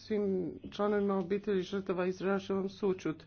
svim članovima obitelji žrtava izražavam sućut.